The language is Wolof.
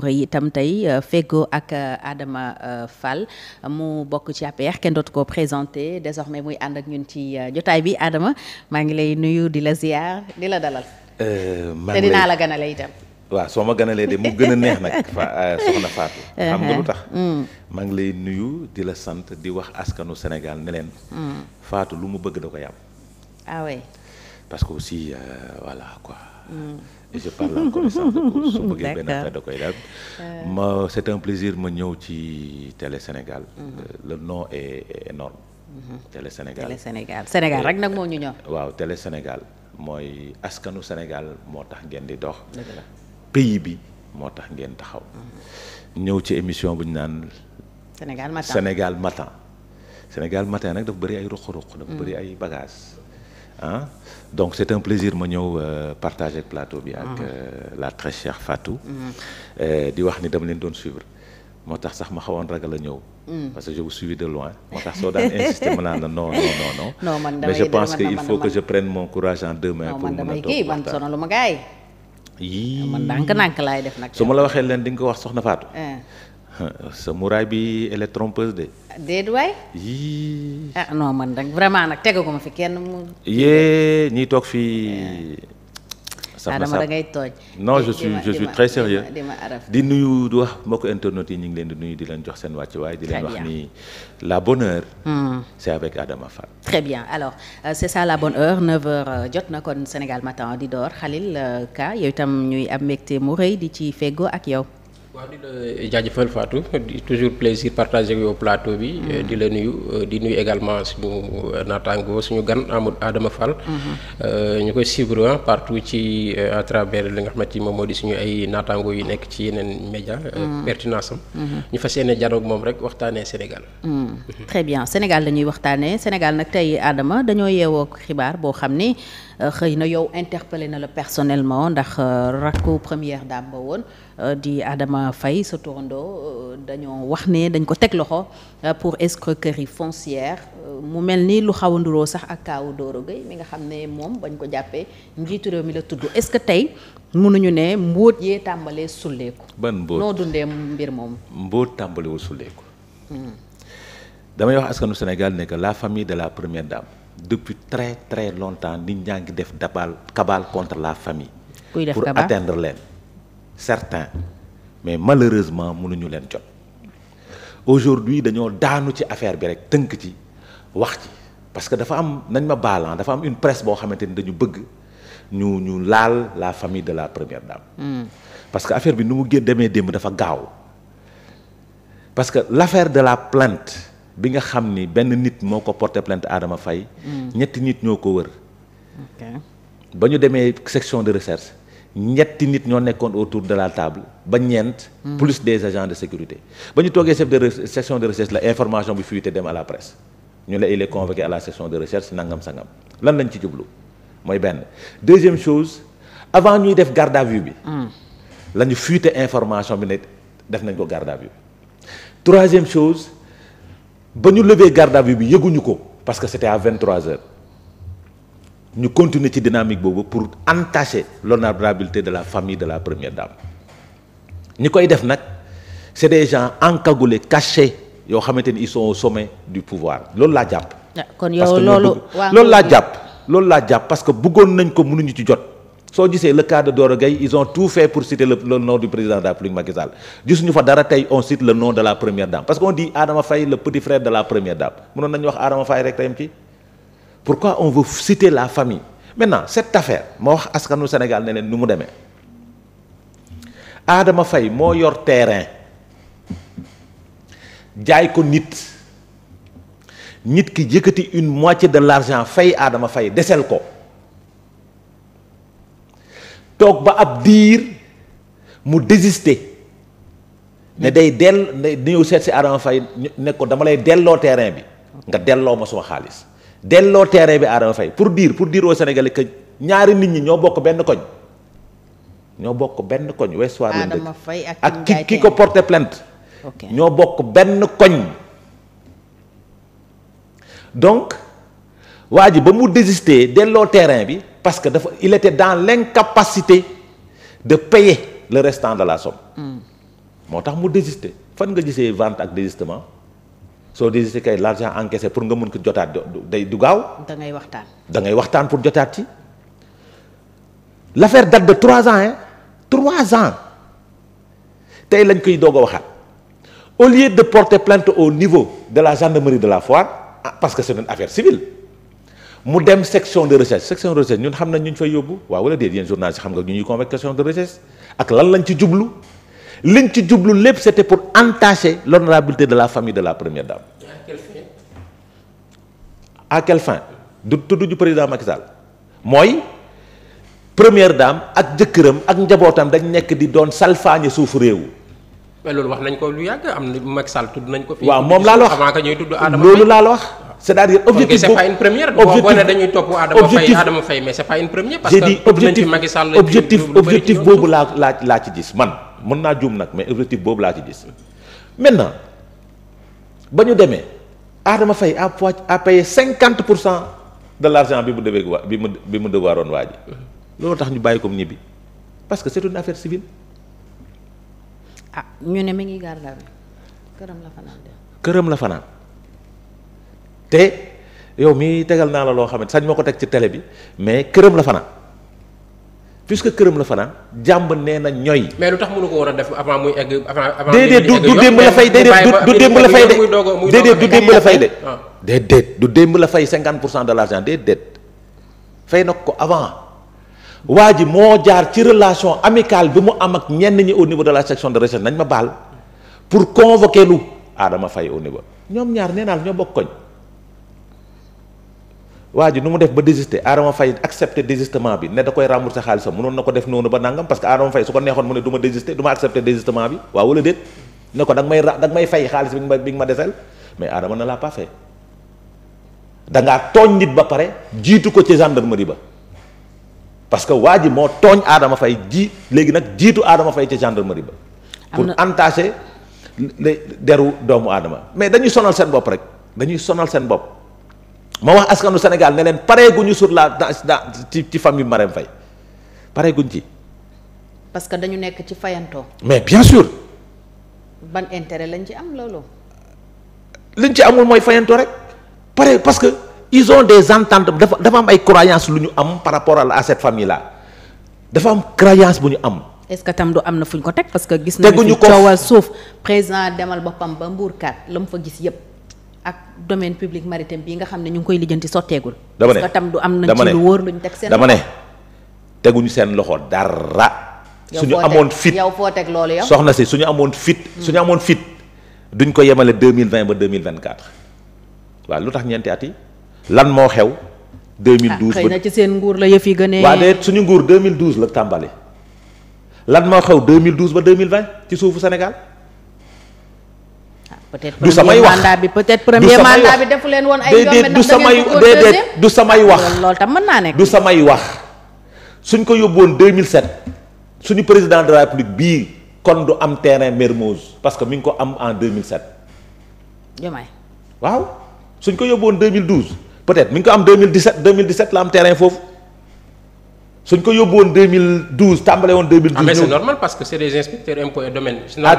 yi itam tey euh, fego ak euh, Adama euh, Fall mu bokk ci APR kenn dootu ko présenté désormais muy ànd ak ñun ci jotaay bi Adama maa ngi lay nuyu di la ziar di la dalal. te dinaa la ganale itam. waaw soo ma ganalee de mu gën a neex nag fa soxna Fatou. Uh-huh. xam nga lu tax. Mm. maa ngi lay nuyu di la sant di wax askanu Sénégal ne leen. Mm. lu mu bëgg da koy am. Ah parce que aussi euh, voilà et je parle en koy daal euh. ma c'est un plaisir ma ñëw ci Télé Sénégal mm-hmm. euh, le nom est énorme mm-hmm. Télé Sénégal Sénégal rek nag moo ñu ñor waaw Télé Sénégal mooy askanu Sénégal moo tax ngeen di dox pays bi moo tax ngeen taxaw mm-hmm. ñëw ci émission bu ñu naan Sénégal Matin Sénégal Matin Sénégal dafa bëri ay ruq-ruq dafa bëri ay bagages ah donc c'est un plaisir ma ñëw euh, partager plateau bi ak ah. euh, la très chère Fatou mm. euh, di wax ni dama leen doon suivre moo tax sax ma xawoon ragal a ñëw mm. parce que je vous de loin moo tax soo daan insister ma naan la non non mais je pense que il faut que je prenne mon courage en deux pour mën a toog man sonalu ma gaay su ma la waxee leen di nga ko wax soxna Fatou eh. sa muraay bi elle est trompeuse de. déet waay. Ah, man nag vraiment nag tegu ko ma fi kenn mu. yee ñiy toog fii. Ah. sax na da ngay tooj. non je suis je suis très sérieux di nuyu du wax mbokku internet yi ñu ngi leen di nuyu di leen jox seen wàccuwaay. di leen wax ni la bonne heure. Hmm. c'est avec Adama Fall. très bien alors euh, c'est ça la bonne heure euh, jot na kon Sénégal matin di door Khalil euh, Ka yow itam ñuy am mbégte mu rëy di ci feggoo ak yow. waaw di la jaajëfal Fatou di toujours plaisir partage yow plateau bi. Mm-hmm. Eh, di la nuyu eh, di nuyu également suñu eh, naataango suñu gan Amadou Adama Fall. Mm-hmm. ñu koy suivre partout ci à travers li nga xamante ni moom moo di suñu ay naataango yu nekk ci yeneen média mm-hmm. pertinence ñu fas yéene janoog moom rek waxtaanee Sénégal. très bien Sénégal la ñuy waxtaanee Sénégal nag tey aadama dañoo yeewoo xibaar boo xam ni xëy na yow interpellé na la personnellement ndax rakku première Adama Faye sa turandoo euh, dañoo wax ne dañ ko teg loxo euh, pour que escroquerie foncière euh, mu mel ni lu xaw a sax ak kaawu dooro Gueye mi nga xam ne moom bañ ko jàppee njiitu réew mi la tudd est-ce que tey mënuñu ne mbóot yee tàmbalee sulleeku. ban mbóot noo dundee mbir moom. mbóot tàmbalewul suleeku hmm. damay wax askanu Sénégal ne que la famille de la première dame depuis très très longtemps nit ñaa ngi def dabal kabal contre la famille. kuy def kabal pour atteindre leen certains. mais malheureusement mënuñu leen jot aujourd'hui dañoo daanu ci affaire bi rek tënk ci wax ci parce que dafa am nañ ma baalan ah, dafa am une presque boo xamante ni dañu bëgg ñu ñu laal la famille de la première dame. Hmm. parce que affaire bi nu mu gën demee démb dafa gaaw parce que l'affaire de la plante bi nga xam ni benn nit moo ko porté plainte Adama fay hmm. ñetti nit ñoo ko wër. ba ñu demee section de recherche. ñetti nit ñoo nekkoon autour de la table ba ñeent. plus des agents de sécurité. ba ñu toogee chef de de recherche la information bi fuité dem à la presse ñu la il est à la section de recherche nangam sangam lan lañ ci jublu mooy benn. deuxième chose avant ñuy def garde à vue bi. Hmm. la ñu fuité information bi ne def nañ ko garde à vue. troisième chose ba ñu lever garde à vue bi yëguñu ko parce que c'était à 23 heures. ñu continuer ci dynamique boobu pour entacher l'honorabilité de la famille de la première dame ñi koy def nag c'est des gens encagoulés cachés yoo xamante ni ils sont au du pouvoir loolu laa jàpp. Ah, kon yow loolu loolu laa jàpp. parce que bëggoon nañ ko mënuñu ci jot soo gisee le cas de Doro ils ont tout fait pour citer le, le du président de la République Macky Sall fa dara tey on cite le nom de la première dame parce qu'on dit Adama Faye le petit frère de la première pourquoi on veut citer la famille maintenant cette affaire ma wax askanu Sénégal ne leen mu demee aadama fay moo yor terrain jaay ko nit nit ki yëkkati une moitié de l'argent fay Adama fay desel ko toog ba ab diir mu désister ne day dell ñëw seet si Adama Faye ne ko dama lay delloo terrain bi nga delloo ma suma xaalis delloo terrain bi Adama Faye pour dire pour dire aux Sénégalais ñaari nit ñi ñoo bokk benn koñ ñoo bokk benn koñ Ouest Foire lañ dëkk ak ki ki ko porté plainte ñoo bokk benn koñ donc waa ji ba mu désister delloo terrain bi parce que dafa il dans dans capacité de payer le restant de la hmm. moo tax mu désister fan nga gisee vente ak désistement soo désisté kay l'argent encaissé pour nga mën ko jotaat day du gaaw. da ngay waxtaan da ngay waxtaan pour jotaat ci. l'affaire date de trois ans hein trois ans tey lañ koy doog a waxaat au lieu de porter plainte au niveau de la gendarmerie de la Foire ah, parce que c'est une affaire civile mu dem section de recherche section de recherche ñun xam nañ ñu ñu fay yóbbu waaw wala déet yéen journaliste xam nga ñu ñuy convoqué section de recherche ak lan lañ ci jublu. liñ ci jublu lépp c'était pour entacher l'honorabilité de la famille de la première dame. à quelle fin. à quelle du tudd ju président Macky Sall mooy première dame ak jëkkëram ak njabootam dañ nekk di doon salfaañe suufu réew. mais loolu wax nañ ko ko. waaw moom laa la wax avant que ñuy tudd Adama loolu laa la wax. c'est-à-dire objectif boobu objectif objectif objectif boobu laa laa laa ci gis man. mën naa juum nag mais objectif boobu laa ci gis maintenant ba ñu demee aadama Faye à poids à payer cinquante pour cent de l' argent bi mu demee waa bi mu bi mu devoir woon waa ji loolu tax ñu bàyyi ko ñibbi parce que est une affaire civile. ah ñu ne mi ngi garde à vue këram la fanaan te yow mi tegal naa la loo xam ne sañ ma ko teg ci tele bi mais këram la fanaan que këram la fanaan jàmb nee na ñooy. mais lu tax mënu ko war a def avant muy egg avant. déedéet du démb la fay déedéet du démb la fay de déedéet du démb la fay de. déedéet du démb la fay 50 pour cent de l' argent déedéet fay na ko avant waa ji moo jaar ci relation amicale bi mu am ak ñenn ñi au niveau de la section de recherche nañ ma baal pour convoquer lu Adama Faye au niveau ñoom ñaar nee naa ñoo bokk koñ. waa ji nu mu def ba désister Adama Faye accepté désistement bi ne da koy rembourser xaalisam mënoon na ko def noonu ba nangam parce que Adama Faye su ko neexoon mu ne du ma désister accepté désistement bi waaw wala déet ne ko da nga may da may fay xaalis bi nga ma bi nga ma desel mais Adama ne l'a pas fait tooñ nit ba pare jiitu ko ci gendarmerie ba parce que waa ji moo tooñ Adama fay ji léegi nag jiitu Adama Faye ci gendarmerie ba. pour entacher le deru doomu Adama mais dañuy sonal seen bopp rek dañuy sonal seen bopp. ma wax askanu Sénégal ne leen pareeguñu sur la ci ci famille Marème Faye pareeguñ ci. parce que dañu nekk ci fayantoo. mais bien sûr. ban intérêt lañ ci am loolu. liñ ci amul mooy fayantoo rek pare parce que ils des ententes dafa dafa am ay croyances lu ñu am par rapport à cette famille là dafa am croyance bu ñu am. est-ce que tam du am na fuñ ko teg parce que. gis nañu fi coowal suuf président demal boppam ba Mbourkat la mu fa gis yëpp. ak domaine public maritime bii nga xam ne ñu ngi koy lijjanti sotteegul. dama ne parce tam am nañ ci lu wóor luñ teg seen dama ne teguñu seen loxo dara. suñu amoon fit yow foo teg loolu soxna si suñu amoon fit. Hmm. suñu amoon fit duñ ko yemale deux mille vingt ba deux mille vingt quatre waaw lu tax ñeenti at yi lan moo xew. 2012 ah, xëy na ci seen nguur la yëf yi gën waaw de suñu nguur 2012 la tàmbali lan moo xew 2012 ba 2020 ci suufu senegal peut-être du samay wax bi peut-être premier leen woon ay yoon du samay déedéet du samay wax loolu tam du samay wax suñ ko yóbboon 2007 suñu président de la république bii kon du am terrain ngi ko am en 2007. Diomaye waaw suñ ko yóbboon ko am 2017 2017 la am terrain foofu. suñ ko yóbbu woon woon ah, parce que c'est des inspecteurs impôts et